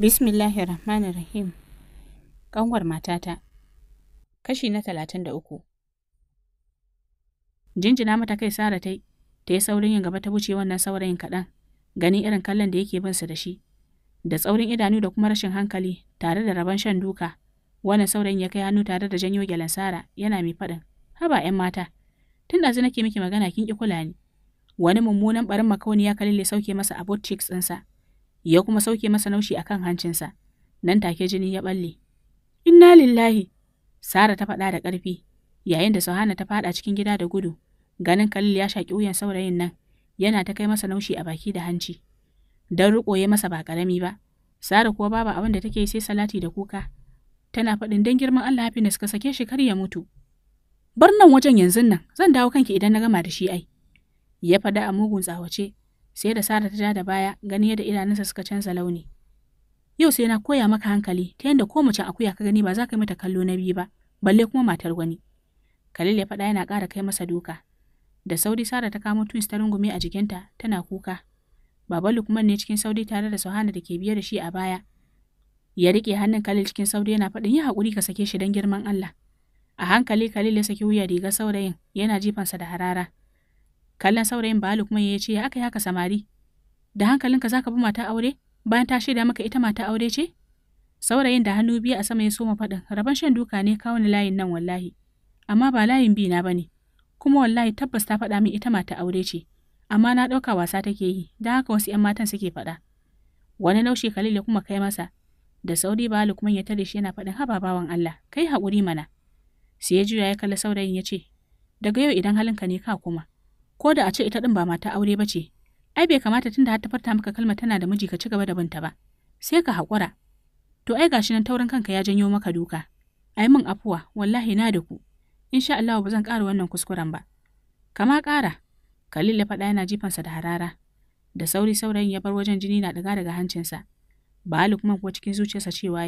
Bismillahir Rahmanir Rahim. Ƙanwar matata. Kashi na talatin da uku. Jinjina mata kai Sara ta ta yi saurin yin gaba ta wuce wannan saurayin kaɗan, ganin irin kallon da yake bin su da shi. Da tsaurin idanu da kuma rashin hankali tare da rabon shan duka, wannan saurayin ya kai hannu tare da janyo gyalen Sara yana mai faɗin, haba ‘yan mata, tun ɗazu nake miki magana kin ƙi kula ni. Wani mummunan ɓarin makauni ya kalle sauke masa abot cheeks ɗinsa, ya kuma sauke masa naushi a kan hancinsa, nan take jini ya balle. Inna lillahi, Sara ta faɗa da ƙarfi, yayin da Sohana ta faɗa cikin gida da gudu, ganin Khalil ya shaƙi wuyan saurayin nan, yana ta kai masa naushi a baki da hanci. Dan riƙo ya masa ba ƙarami ba, Sara kuwa babu abin da take sai salati da kuka. Tana faɗin dan girman Allah happiness ka sake shi kar ya mutu. Bar nan wajen yanzu nan, zan dawo kanki idan na gama da shi ai. Ya faɗa a mugun tsawace, sai da Sara ta ja da baya gani yadda idanunsa suka canza launi. Yau sai na koya maka hankali ta yadda ko macen akuya ka gani ba za ka yi mata kallo na biyu ba, balle kuma matar wani. Khalil ya faɗa yana ƙara kai masa doka. Da sauri Sara ta kamo twins ta rungume a jikinta tana kuka. Baba Lukman ne cikin sauri tare da Sohana da ke biye da shi a baya. Ya riƙe hannun Khalil cikin sauri yana faɗin yi haƙuri ka sake shi don girman Allah. A hankali Khalil ya saki wuya riga saurayin yana jifansa da harara. Kallon saurayin Bahalu kuma ya ce, aka yi haka samari, da hankalinka za ka bi mata aure bayan ta shaida maka ita mata aure ce? Saurayin da hannu biyu a sama ya soma faɗin, rabon shan duka ne kawo ni layin nan wallahi, amma ba layin biyu na ba ne, kuma wallahi tabbas ta faɗa min ita mata aure ce, amma na ɗauka wasa take yi, don haka wasu ‘yan matan suke faɗa. Wani naushe Khalil ya kuma kai masa, da sauri Bahalu kuma ya tare shi yana faɗin haba bawan Allah, kai haƙuri mana. Sai ya juya ya kalli saurayin ya ce, daga yau idan halinka ne ka kuma, ko da a ce ita ɗin ba mata aure ba ce, ai bai kamata tunda da har ta farta maka kalma tana da miji ka ci gaba da binta ba, sai ka haƙura. To ai gashi nan taurin kanka ya janyo maka duka. Ai min afuwa, wallahi na da ku. Insha Allah ba zan ƙara wannan kuskuren ba. Kama ƙara, Khalil ya faɗa yana jifansa da harara. Da sauri saurayin ya bar wajen jini na ɗaga daga hancinsa. hali kuma kuwa cikin zuciyarsa cewa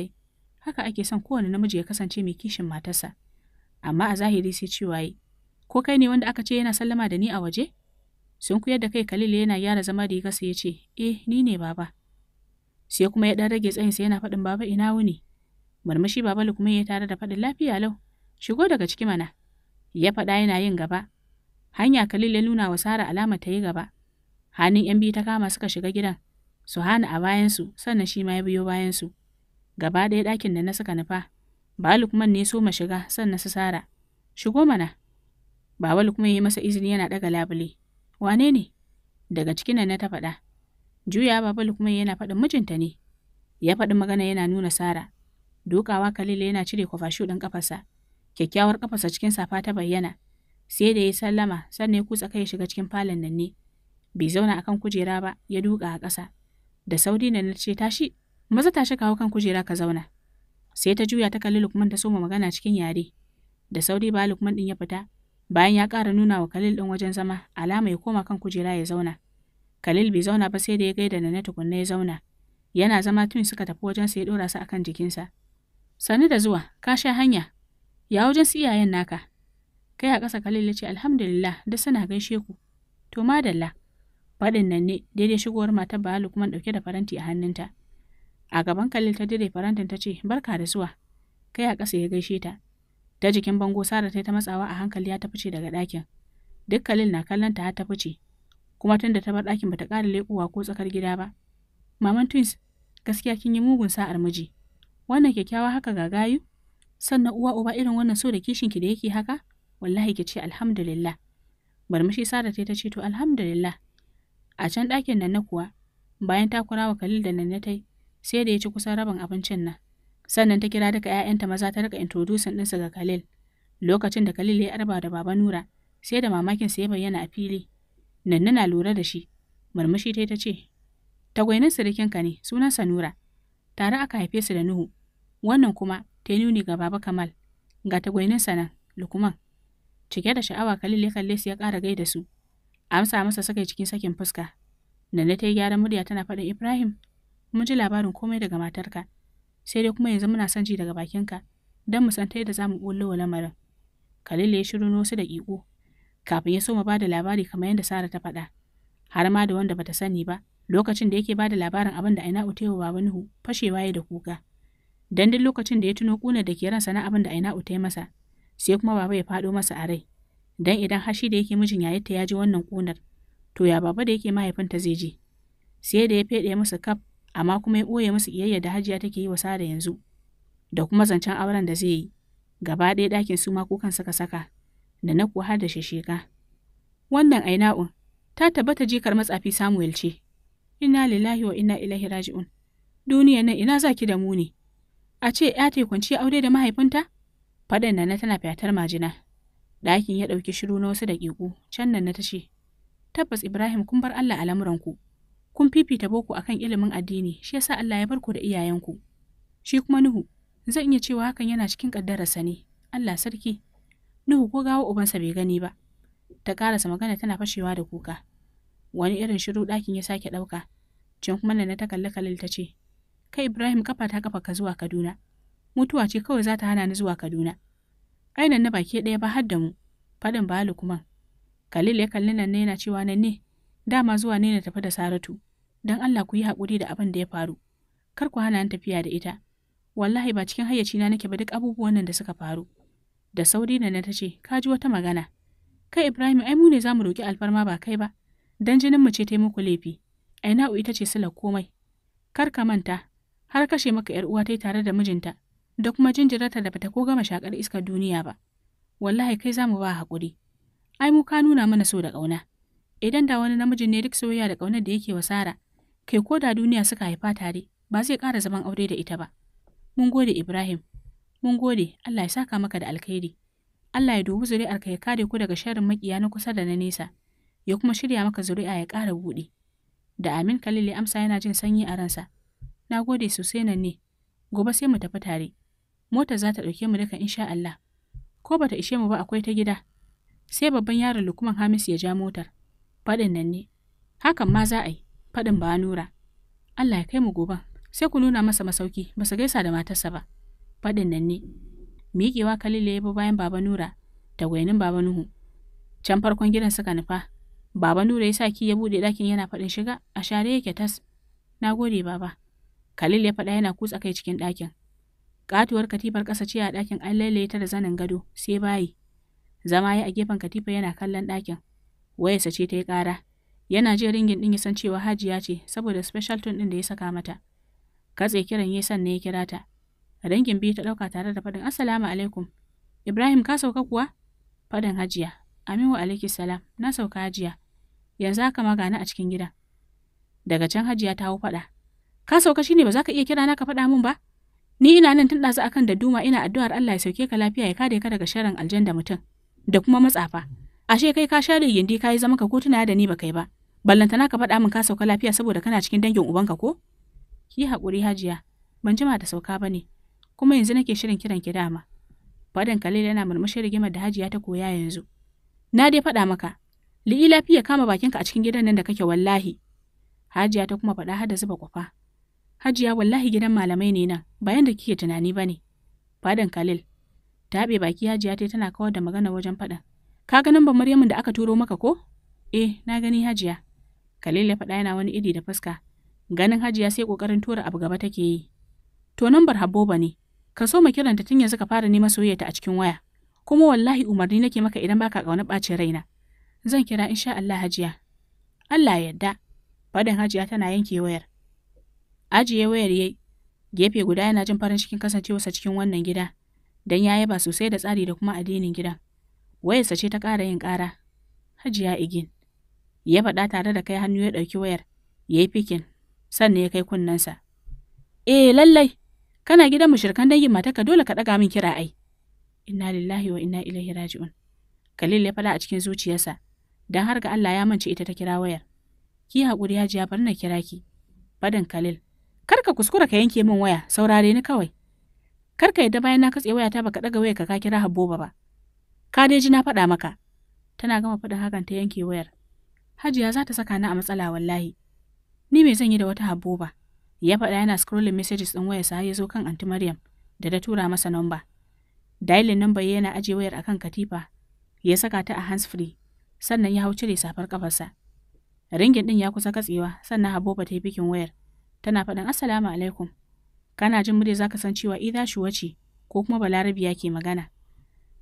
haka ake son kowane namiji ya kasance mai kishin matarsa. Amma a zahiri sai cewa yi, Ko kai ne wanda aka ce yana sallama da ni a waje? Sun kuyar da kai kalilu yana gyara zama da gasa ya ce, Eh, ni ne baba. Sai kuma ya ɗan rage tsayinsa yana faɗin baba ina wuni. Murmushi baba Lukman ya tare da faɗin lafiya lau. Shigo daga ciki mana. Ya faɗa yana yin gaba. Hanya kalil ya nuna wa Sara alamar ta yi gaba. Hannun ‘yan biyu ta kama suka shiga gidan, su hana a bayansu, sannan shi ma ya biyo bayansu. Gaba ɗaya ɗakin da na suka nufa, ba kuma ne so ma shiga, sannan su Sara. Shigo mana, Babal kuma ya yi masa izini yana daga labule. Wane ne? Daga cikin nan na ta faɗa. Juya Babal kuma yana faɗin mijinta ne. Ya faɗi magana yana nuna Sara. Dukawa Kalila yana cire kwafashu ɗin ƙafarsa. Kyakkyawar ƙafarsa cikin safa ta bayyana. Sai da ya sallama sannan ya kutsa kai ya shiga cikin falon nan ne. Bai zauna akan kujera ba ya duka a ƙasa. Da saudi na ce tashi, maza tashi kawo kan kujera ka zauna. Sai ta juya ta kalli Lukman ta soma magana cikin yare. Da saudi ba Lukman ɗin ya fita, Bayan ya ƙara nuna wa Khalil ɗin wajen zama, alama ya koma kan kujera ya zauna. Khalil bai zauna ba sai da ya gaida Nana tukunna ya zauna. Yana zama tun suka tafi wajen sa ya ɗora su akan jikinsa. Sani da zuwa, ka sha hanya. Ya wajen su iyayen naka. Kai a ƙasa Khalil ya ce alhamdulillah duk suna gaishe ku. To madalla. Faɗin nan ne daidai shigowar matar Bahalu kuma ɗauke da faranti a hannunta. A gaban Khalil ta dire farantin ta ce barka da zuwa. Kai a ƙasa ya gaishe ta. Ta jikin bango Sara ta yi ta matsawa a hankali ya ta fice daga ɗakin. Duk Khalil na kallon ta har ta fice. Kuma tunda ta bar ɗakin bata ƙara lekuwa ko tsakar gida ba. Maman Twins, gaskiya kin yi mugun sa'ar miji. Wannan kyakkyawa haka ga gayu? Sannan uwa uba irin wannan so da kishinki da yake haka? Wallahi ki ce alhamdulillah. Barmishi Sara ta ta ce to alhamdulillah. A can ɗakin nan na kuwa, bayan ta kura wa Khalil da nan na tai, sai da ya ci kusan rabin abincin nan. sannan ta kira duka 'ya'yanta maza ta rika introducing ɗinsu ga Khalil. Lokacin da Khalil ya arba da Baba Nura, sai da mamakin sa ya bayyana a fili. Nanna na lura da shi, murmushi ta ta ce, Tagwainin sirikinka ne, sunan sunansa Nura. Tare aka haife su da Nuhu, wannan kuma ta nuni ga Baba Kamal, ga tagwaininsa nan, Lukman. Cike da sha'awa Khalil ya kalle su ya ƙara da su. Amsa masa sakai cikin sakin fuska. Nanna ta yi gyaran murya tana faɗin Ibrahim, mun ji labarin komai daga matarka. sai dai kuma yanzu muna son ji daga bakinka don mu san ta yadda za mu ɓullo wa lamarin. kalile ya shiru na wasu daƙiƙu kafin ya so mu ba da labari kamar yadda Sara ta faɗa. Har ma da wanda bata sani ba lokacin da yake ba da labarin abin da Aina Utewa Baba Nuhu fashewa ya da kuka. Dan duk lokacin da ya tuno ƙunar da ke ransa na abin da Aina Utai masa sai kuma Baba ya faɗo masa a rai. Dan idan hashi da yake mijin ta ya ji wannan ƙunar to ya Baba da yake mahaifinta zai je. Sai da ya feɗe masa kaf amma kuma ya ɓoye musu ƙiyayya da hajiya take yi wa sada yanzu da kuma zancen auren da zai yi gaba ɗaya ɗakin su ma kukan saka saka da na kuwa har da shisheka. Wannan aina'un ta tabbata jikar matsafi Samuel ce, Inna lillahi wa inna ilahi raji'un. Duniya nan ina za ki da mu ne? A ce ‘ya ta kwanci aure da mahaifinta? Faɗan nana tana fyatar majina. Ɗakin ya ɗauki shiru na wasu daƙiƙu, can nan na ta ce, Tabbas Ibrahim kun bar Allah a lamuranku. kun fifita boko akan ilimin addini shi yasa Allah ya barku da iyayenku shi kuma Nuhu zan iya cewa hakan yana cikin kaddararsa ne Allah sarki Nuhu ko gawa ubansa bai gani ba ta karasa magana tana fashewa da kuka wani irin shiru ɗakin ya sake ɗauka can kuma na ta kalli kalil ta ce kai Ibrahim kafa ta kafa ka zuwa Kaduna mutuwa ce kawai za ta hana ni zuwa Kaduna ainan na baki ɗaya ba har da mu faɗin ba kuma Khalil ya kalli nan ne yana cewa nan ne Dama zuwa ne na tafi da Saratu, don Allah ku yi haƙuri da abin da ya faru. Kar ku hana tafiya da ita. Wallahi ba cikin hayyacina nake ba duk abubuwan nan da suka faru. Da sauri na ta ce, ka ji wata magana. Kai Ibrahim, ai mu ne za mu roƙi alfarma ba kai ba, don mu ce ta muku laifi. Ai na'u ita ce sila komai. Kar ka manta, har kashe maka ‘yar uwa ta tare da mijinta, da kuma jinjirarta da bata ko gama shakar iskar duniya ba. Wallahi kai za mu ba haƙuri. Ai mu ka nuna mana so da ƙauna. Idan da wani namijin ne duk soyayya da ƙaunar da yake wa Sara, kai ko da duniya suka haifa tare, ba zai kara zaman aure da ita ba. Mun gode Ibrahim, mun gode Allah ya saka maka da alkhairi. Allah ya dubi zuri'arka ya kare ku daga sharrin makiya na kusa da na nesa, ya kuma shirya maka zuri'a ya kara buɗe. Da Amin Khalil ya amsa yana jin sanyi a ransa. Na gode sosai nan ne, gobe sai mu tafi tare. Mota za ta ɗauke mu duka insha Allah. Ko bata ishe mu ba akwai ta gida. Sai babban yaron Lukman Hamis ya ja motar. faɗin nan ne, hakan ma za a yi, faɗin ba nura. Allah ya kai mu gobe, sai ku nuna masa masauki, ba su gaisa da matarsa ba, faɗin nan ne. Miƙewa Khalil ya bi bayan Baba Nura da gwainin Baba Nuhu. Can farkon gidan suka nufa, Baba Nura ya sa ki ya buɗe ɗakin yana faɗin shiga, a share yake tas. Na gode, Baba. Khalil ya faɗa yana kutsa kai cikin ɗakin. Ƙatuwar katifar ƙasa ce a ɗakin an lailaye ta da zanin gado, sai bayi. Zama ya a gefen katifa yana kallon ɗakin. Wayarsa ce ta yi ƙara. Yana jin ringin ɗin ya san cewa Hajiya ce saboda special tone ɗin da ya saka mata. Katse kiran ya san ne ya kira ta. Dangin biyu ta ɗauka tare da faɗin Assalamu alaikum. Ibrahim ka sauka kuwa? Faɗin Hajiya. Aminu alaiki salam. Na sauka Hajiya. Yanzu haka ma gani a cikin gida Daga can Hajiya ta hau faɗa. Ka sauka shine ba za ka iya kira na ka faɗa min ba? Ni ina nan tun ɗazu akan da duma ina addu'ar Allah ya sauke ka lafiya ya kare ka daga sharrin aljanda mutum da kuma matsafa. ashe kai ka share gindi ka yi zama ka ko tuna da ni ba kai ba ballanta ka faɗa min ka sauka lafiya saboda kana cikin dangin ubanka ko ki hakuri, hajiya ban jima da sauka ba ne kuma yanzu nake shirin kiran ki dama fadan kalil yana murmushi rigimar da hajiya ta koya yanzu na dai faɗa maka li'i lafiya kama bakinka a cikin gidan nan da kake wallahi hajiya ta kuma faɗa har da zuba kwafa hajiya wallahi gidan malamai ne nan bayan da kike tunani ba ne fadan kalil ta baki hajiya ta tana kawar da magana wajen faɗan Ka ga namban Maryamun da aka turo maka ko? Eh, na gani Hajiya. Khalil ya faɗa yana wani iri da fuska. Ganin Hajiya sai ƙoƙarin tura abu gaba take yi. To nambar habboba ne. Ka so ma kiranta tun yanzu ka fara neman soyayyata a cikin waya. Kuma wallahi umarni nake maka idan baka ƙauna ɓacin raina. Zan kira insha Allah Hajiya. Allah yarda. Fadin Hajiya tana yanke wayar. Ajiye wayar yayi. Gefe guda yana jin farin cikin kasancewarsa cikin wannan gida. Dan ya ba sosai da tsari da kuma addinin gidan. wayarsa ce ta ƙara yin ƙara hajiya igin ya faɗa tare da kai hannu ya ɗauki wayar ya yi fikin sannan ya kai kunnensa eh lallai kana gidan mu shirkan dangin ka dole ka ɗaga min kira ai inna lillahi wa inna ilaihi raji'un Khalil ya faɗa a cikin zuciyarsa dan har ga Allah ya mance ita ta kira wayar ki haƙuri hajiya bar na kira ki fadin Khalil kar ka kuskura ka yanke min waya saurare ni kawai kar ka yadda bayan na katse wayata baka ɗaga wayar ka ka kira Habboba ba Ka dai ji na faɗa maka. Tana gama faɗin hakan ta yanke wayar. Hajiya za ta saka ni a matsala wallahi. Ni me zan yi da wata habbo Ya faɗa yana scrolling messages ɗin wayarsa har ya zo kan Aunty Maryam da ta tura masa namba. Dailin namba yana ajiye wayar akan katifa. Ya saka ta a hands free. Sannan ya hau cire safar kafarsa. Ringin ɗin ya kusa katsewa sannan Habbo ta yi bikin wayar. Tana faɗin Assalamu alaikum. Kana jin murya ka san cewa Ida Shuwa ce ko kuma Balarabiya ke magana.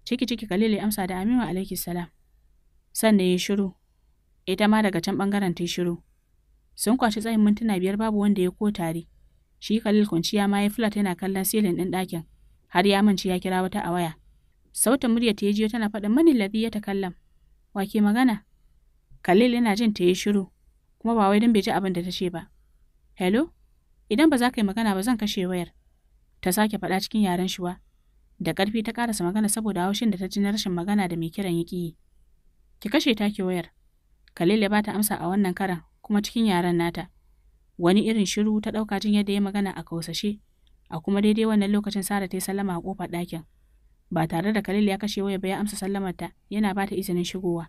Ciki ciki Khalil ya amsa da Aminu alaihi salam. Sannan ya shiru. Ita ma daga can bangaren ta shiru. Sun kwashi tsayin mintuna biyar babu wanda ya ko tare. Shi Khalil kwanciya ma ya flat yana kallon silin ɗin ɗakin. Har ya mance ya kira wata a waya. Sautin murya ta jiyo tana faɗin mani ladhi ya takallam. Wa ke magana? Khalil yana jin ta yi shiru. Kuma ba wai don bai ji abin da ta ce ba. Hello? Idan ba za ka yi magana ba zan kashe wayar. Ta sake faɗa cikin yaren shuwa. Da ƙarfi ta ƙarasa magana saboda haushin da ta ji na rashin magana da mai kiran yi. Ki kashe ta take wayar. Khalil ya ba ta amsa a wannan karan kuma cikin yaren nata. Wani irin shiru ta ɗauka jin yadda ya magana a kausashe, a kuma daidai wannan lokacin Sara ta yi sallama a ƙofar ɗakin. Ba tare da Khalil ya kashe waya ba ya amsa sallamarta yana ba ta izinin shigowa.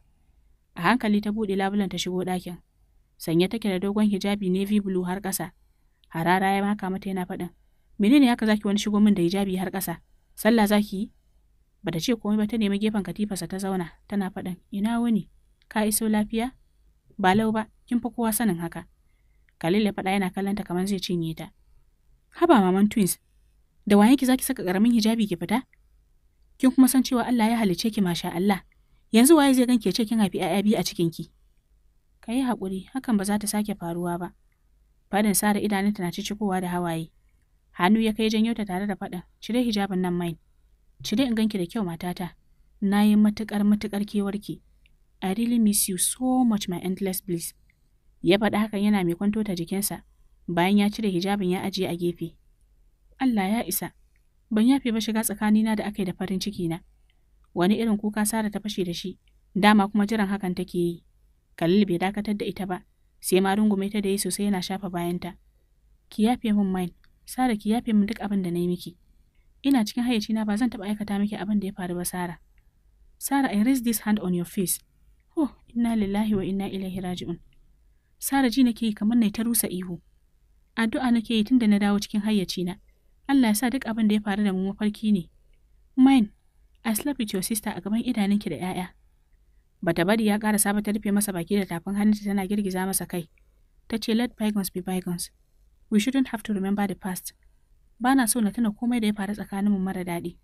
A hankali ta buɗe labulen ta shigo ɗakin. Sanye take da dogon hijabi navy blue har ƙasa. Harara ya maka mata yana faɗin. Menene haka zaki wani shigo min da hijabi har ƙasa? Sallah za ki yi? Bata ce komai ba ta nemi gefen katifarsa ta zauna, tana faɗin, ina wuni, ka iso lafiya? Ba lau ba, kin fi kowa sanin haka. Khalil ya faɗa yana kallonta kamar zai cinye ta. Haba maman twins, da waye ki zaki saka ƙaramin hijabi ki fita? Kin kuma san cewa Allah ya halicce ki masha Allah. Yanzu waye zai ganke ce kin haifi 'ya'ya biyu a cikin ki? Ka yi haƙuri, hakan ba za ta sake faruwa ba. Fadin Sara idanunta na cicikowa da hawaye. Hannu ya kai janyo ta tare da faɗin, cire hijabin nan mai. Cire in ganki da kyau matata. Na yi matuƙar matuƙar kewarki. I really miss you so much my endless bliss. Ya faɗa hakan yana mai kwanto ta jikinsa, bayan ya cire hijabin ya ajiye a gefe. Allah ya isa, ban yafe ba shiga tsakanina da aka yi da farin ciki na. Wani irin kuka Sara ta fashe da shi, dama kuma jiran hakan take yi. Khalil bai dakatar da ita ba, sai ma rungume ta da yi sosai yana shafa bayanta. Ki yafe min mine, Sara ki yafe min duk abin da na yi miki. Ina cikin hayyacina ba zan taɓa aikata miki abin da ya faru ba Sara. Sara I raise this hand on your face. Oh, inna lillahi wa inna ilaihi raji'un. Sara ji nake yi kamar nai ta rusa ihu. Addu'a nake yi tunda na dawo cikin hayyacina. Allah ya sa duk abin da ya faru da mu mafarki ne. Mine, I slap with your sister a gaban idanunki da 'ya'ya. Bata bari ya ƙara saba ta rufe masa baki da tafin hannunta tana girgiza masa kai. Ta ce let bygones be bygones. We shouldn't have to remember the past. Ba na so na tuna komai da ya faru tsakaninmu mara daɗi.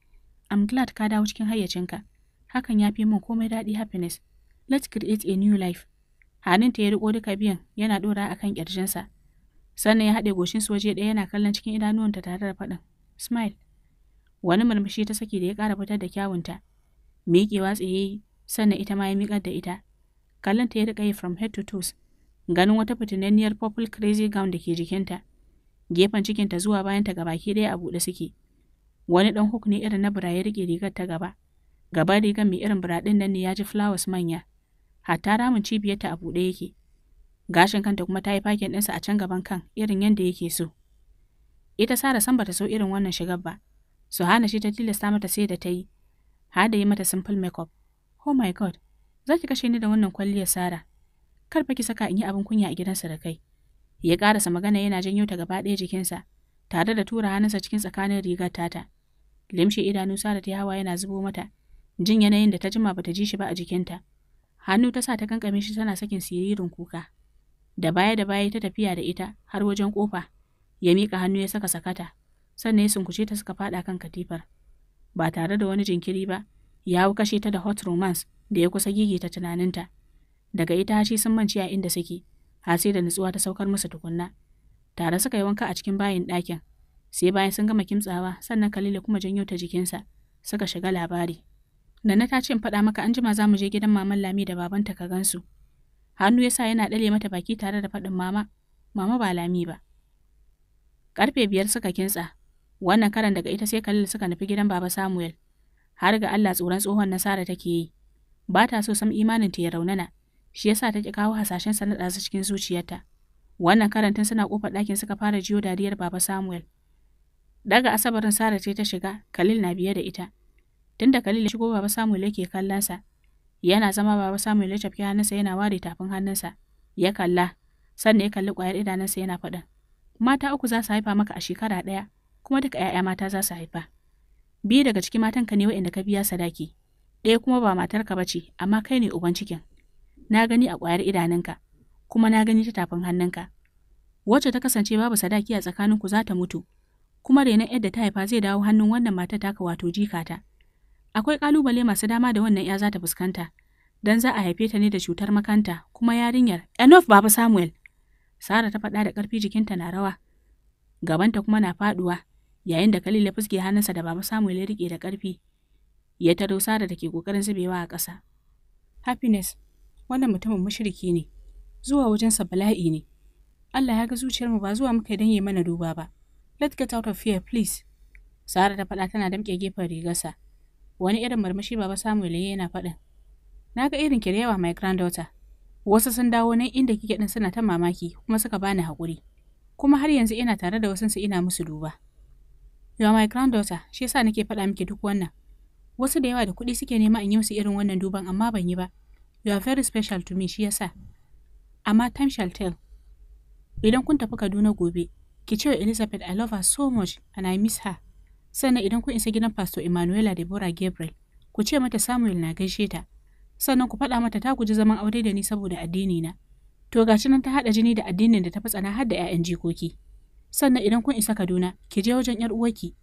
I'm glad ka dawo cikin hayyacinka. Hakan ya fi min komai daɗi happiness. Let's create a new life. ta ya riko duka biyan yana ɗora a kan ƙirjinsa. Sannan ya haɗe goshin su waje ɗaya yana kallon cikin idanuwanta tare da faɗin. Smile. Wani murmushi ta saki da ya ƙara fitar da kyawunta. Miƙewa tsaye sannan ita ma ya miƙar da ita. ta ya riƙa yi from head to toes. Ganin wata fitinanniyar purple crazy gown da ke jikinta. gefen cikinta zuwa bayanta ga baki ɗaya a buɗe suke. Wani ɗan hook ne irin na bura ya riƙe rigar ta gaba. Gaba rigar mai irin bura ɗin nan ne ya ji flowers manya. Hatta ramin cibiyarta a buɗe yake. Gashin kanta kuma ta yi fakin ɗinsa a can gaban kan irin yadda yake so. Ita Sara san bata so irin wannan shigar ba. hana shi ta tilasta mata sai da ta yi. Har da yi mata simple makeup. Oh my god, za ki kashe ni da wannan kwalliyar Sara. Kar ba ki saka in yi abin kunya a gidansa da kai. Ya ƙarasa magana yana janyo ta gaba ɗaya jikinsa, tare da tura hannunsa cikin tsakanin rigar tata. limshe idanu Sara ta hawa yana zubo mata, jin yanayin da ta jima bata ji shi ba a jikinta. Hannu ta sa ta kankame shi tana sakin siririn kuka. Da baya da baya ta tafiya da ita har wajen kofa. Ya miƙa hannu ya saka sakata, sannan ya sunkuce ta suka faɗa kan katifar. Ba tare da wani jinkiri ba, ya hau kashe ta da hot romance da ya kusa gigita tunaninta. Daga ita shi sun manci a inda suke. Hasi sai da nutsuwa ta saukar musu tukunna. Tare suka yi wanka a cikin bayin ɗakin, sai bayan sun gama kimtsawa sannan Kalilu kuma janyo ta jikinsa suka shiga labari. Nana ta ce in faɗa maka an jima za mu je gidan maman Lami da babanta ka gansu. Hannu ya sa yana ɗale mata baki tare da faɗin mama, mama ba Lami ba. Karfe biyar suka kintsa, wannan karan daga ita sai Kalila suka nufi gidan baba Samuel. Har ga Allah tsoron tsohon nasara take yi, ba ta so sam imanin ta ya raunana, shi yasa ta ki kawo hasashen sa na ɗazu cikin zuciyarta. Wannan karantin suna kofar ɗakin suka fara jiyo dariyar Baba Samuel. Daga asabarin Sara ce ta shiga, Khalil na biye da ita. Tunda Khalil ya shigo Baba Samuel yake kallon sa, yana zama Baba Samuel ya tafi hannunsa yana ware tafin hannunsa, ya kalla, sannan ya kalli ƙwayar idanunsa yana faɗin. Mata uku za su haifa maka a shekara ɗaya, kuma duka 'ya'ya mata za su haifa. Biyu daga cikin matanka ne waɗanda ka biya sadaki, ɗaya kuma ba matarka ba ce, amma kai ne uban cikin. na gani a ƙwayar idanunka, kuma na gani ta tafin hannunka. Wacce ta kasance babu sadaki a tsakaninku za ta mutu, kuma renon yadda ta haifa zai dawo hannun wannan matar taka wato jikata. Akwai ƙalubale masu dama da wannan ya za ta fuskanta, dan za a haife ta ne da cutar makanta kuma yarinyar. Enough Baba Samuel! Sara ta faɗa da ƙarfi jikinta na rawa, gabanta kuma na faɗuwa, yayin da Khalil ya fuske hannunsa da Baba Samuel ya riƙe da ƙarfi. ya taro Sara da ke ƙoƙarin zubewa a ƙasa. Happiness, wannan mutumin mashiriki ne zuwa wajensa bala'i ne Allah ya ga zuciyarmu ba zuwa muka dan yi mana duba ba let get out of here please Sara ta faɗa tana damƙe gefen rigarsa wani irin marmashi baba Samuel yana faɗin na ga irin ki da yawa my granddaughter wasu sun dawo nan inda kike din suna ta mamaki kuma suka bani haƙuri kuma har yanzu ina tare da wasunsu ina musu duba yawa my granddaughter shi yasa nake faɗa miki duk wannan wasu da yawa da kuɗi suke nema in yi musu irin wannan duban amma ban yi ba You are very special to me shi yasa. Amma time shall tell. Idan kun tafi Kaduna gobe, ki ce wa Elizabeth I love her so much and I miss her. Sannan idan kun isa gidan Pastor Emanuela Deborah Gabriel, ku ce mata Samuel na gaishe ta. Sannan ku faɗa mata ta guji zaman aure da ni saboda addini na. To gashi nan ta haɗa jini da addinin da ta fi tsana har da 'ya'yan jikoki. Sannan idan kun isa Kaduna, ki je wajen 'yar uwarki.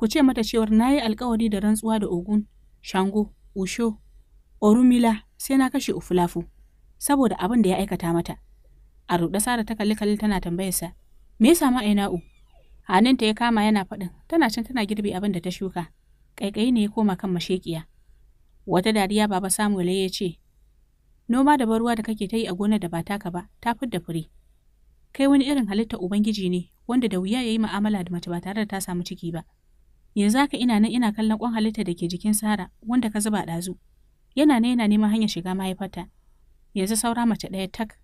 Ku ce mata cewar na yi alkawari da rantsuwa da Ogun, Shango, Usho, Orumila, sai na kashe Ufulafu saboda abin da ya aikata mata. A ruɗe Sara ta kalli kalli tana tambayarsa, me ya samu Aina'u? ta ya kama yana faɗin, tana can tana girbe abin da ta shuka. Ƙaiƙayi ne ya koma kan mashekiya. Wata dariya baba Samuel ya ce, Noma da ruwa da kake ta yi a gonar da ba taka ba, ta fidda fure. Kai wani irin halitta Ubangiji ne wanda da wuya ya yi ma'amala da mace ba tare da ta samu ciki ba. Yanzu haka ina nan ina kallon ƙwan halitta da ke jikin Sara wanda ka zuba ɗazu. yana ne yana neman hanyar shiga mahaifata. yanzu saura mace ɗaya tak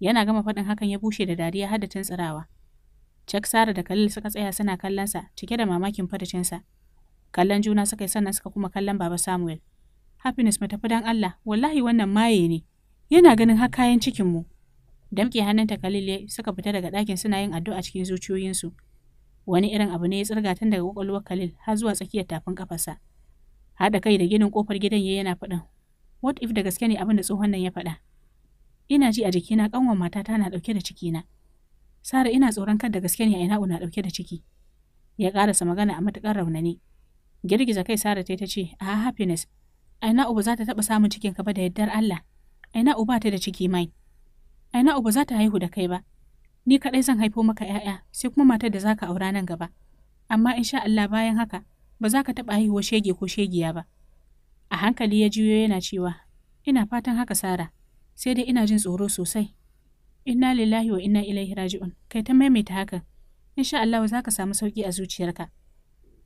yana gama faɗin hakan ya bushe da dariya har da tuntsirawa cak Sara da kalil suka tsaya suna kallonsa cike da mamakin fadacinsa. Kallon juna suka yi sannan suka kuma kallon Baba Samuel. Happiness mu tafi dan Allah, wallahi wannan maye ne. Yana ganin har kayan cikin mu. Damke hannunta Khalil ya suka fita daga ɗakin suna yin addu'a cikin zuciyoyinsu. Wani irin abu ne ya tsirga tun daga kwakwalwar Khalil har zuwa tsakiyar tafin kafarsa. haɗa kai da ginin ƙofar gidan ya yana faɗin what if da gaske ne abin da tsohon nan ya faɗa ina ji a jikina ƙanwar matata na ɗauke da cikina sara ina tsoron kar da gaske ne a ina na ɗauke da ciki ya ƙarasa magana a matuƙar raunani girgiza kai sara ta ce a happiness aina uba za ta taɓa samun cikin ka ba da yardar Allah aina uba ta da ciki mai aina uba za ta haihu da kai ba ni kaɗai zan haifo maka ‘ya'ya sai kuma matar da za ka aura nan gaba amma in sha Allah bayan haka ba za ka taɓa haihuwa shege ko shegiya ba. A hankali ya juyo yana cewa, ina fatan haka Sara, sai dai ina jin tsoro sosai. Inna lillahi wa inna ilaihi raji'un, kai ta maimaita haka insha Allah za ka samu sauki a zuciyarka.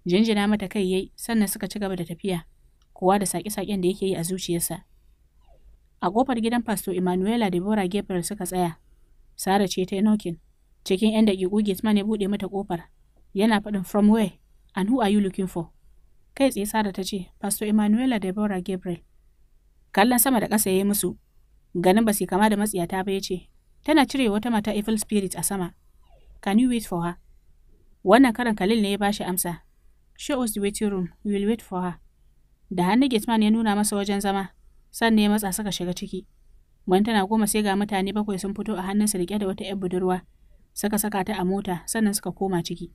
Jinjina mata kai yayi sannan suka ci gaba da tafiya, kowa da saƙe-saƙen da yake yi a zuciyarsa. A ƙofar gidan Pasto Emanuela Deborah Gabriel suka tsaya. Sara ce ta yi nokin. Cikin 'yan daƙiƙu Gitman ya buɗe mata ƙofar. Yana faɗin from where? And who are you looking for? Kai tsaye Sara ta ce, Pastor Emanuela Deborah Gabriel. Kallon sama da ƙasa ya yi musu. Ganin ba su kama da matsiyata ba ya ce, Tana cire wata mata evil spirit a sama. Can you wait for her? Wannan karan Khalil ne ya ba shi amsa. Show us the waiting room, we will wait for her. Da hannu Gateman ya nuna masa wajen zama, sannan ya matsa saka shiga ciki. Bayan tana goma sai ga mutane bakwai sun fito a hannunsa riƙe da wata 'yar budurwa. Suka saka ta a mota, sannan suka koma ciki.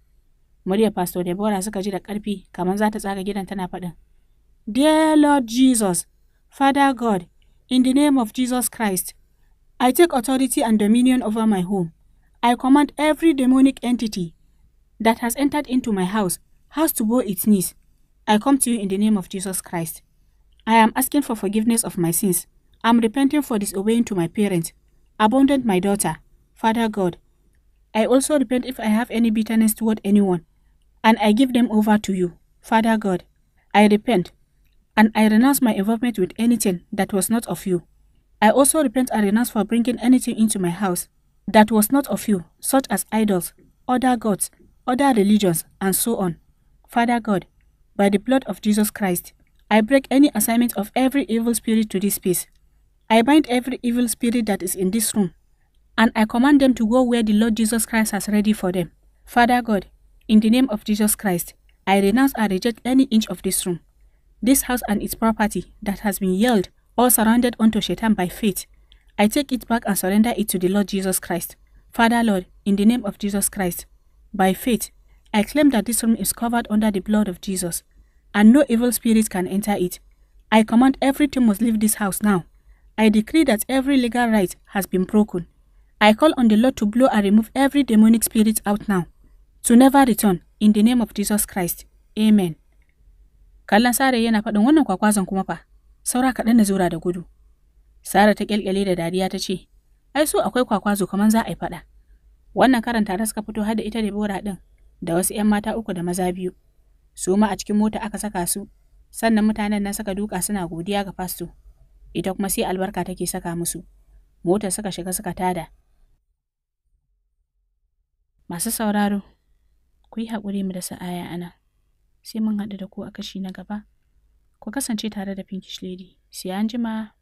Murya Pastor Deborah suka ji da ƙarfi kamar za ta tsaga gidan tana faɗin. Dear Lord Jesus, Father God, in the name of Jesus Christ, I take authority and dominion over my home. I command every demonic entity that has entered into my house has to bow its knees. I come to you in the name of Jesus Christ. I am asking for forgiveness of my sins. I'm repenting for disobeying to my parents, abundant my daughter, Father God. I also repent if I have any bitterness toward anyone, and I give them over to you, Father God. I repent, and I renounce my involvement with anything that was not of you. I also repent and renounce for bringing anything into my house that was not of you, such as idols, other gods, other religions, and so on. Father God, by the blood of Jesus Christ, I break any assignment of every evil spirit to this place. I bind every evil spirit that is in this room, and I command them to go where the Lord Jesus Christ has ready for them. Father God, in the name of Jesus Christ, I renounce and reject any inch of this room, this house and its property that has been yelled or surrounded unto Shaitan by faith. I take it back and surrender it to the Lord Jesus Christ. Father Lord, in the name of Jesus Christ, by faith, I claim that this room is covered under the blood of Jesus, and no evil spirit can enter it. I command everything must leave this house now. I decree that every legal right has been broken. I call on the Lord to blow and remove every demonic spirit out now. To never return in the name of Jesus Christ. Amen. Kallon Sara yana faɗin wannan kwakwazon kuma fa, saura kaɗan na zura da gudu. Sara ta ƙyalƙyale da dariya ta ce, ai so akwai kwakwazo kamar za a yi faɗa. Wannan karan tare suka fito har da ita da bora ɗin da wasu ‘yan mata uku da maza biyu. Su ma a cikin mota aka saka su, sannan mutanen nan suka duka suna godiya ga fasto. Ita kuma sai albarka take saka musu. Motar suka shiga suka tada. Masu sauraro, ku yi haƙuri mu da sa'aya a nan. Sai mun haɗu da ku a kashi na gaba. Ku kasance tare da Pinkish Lady. Sai an jima.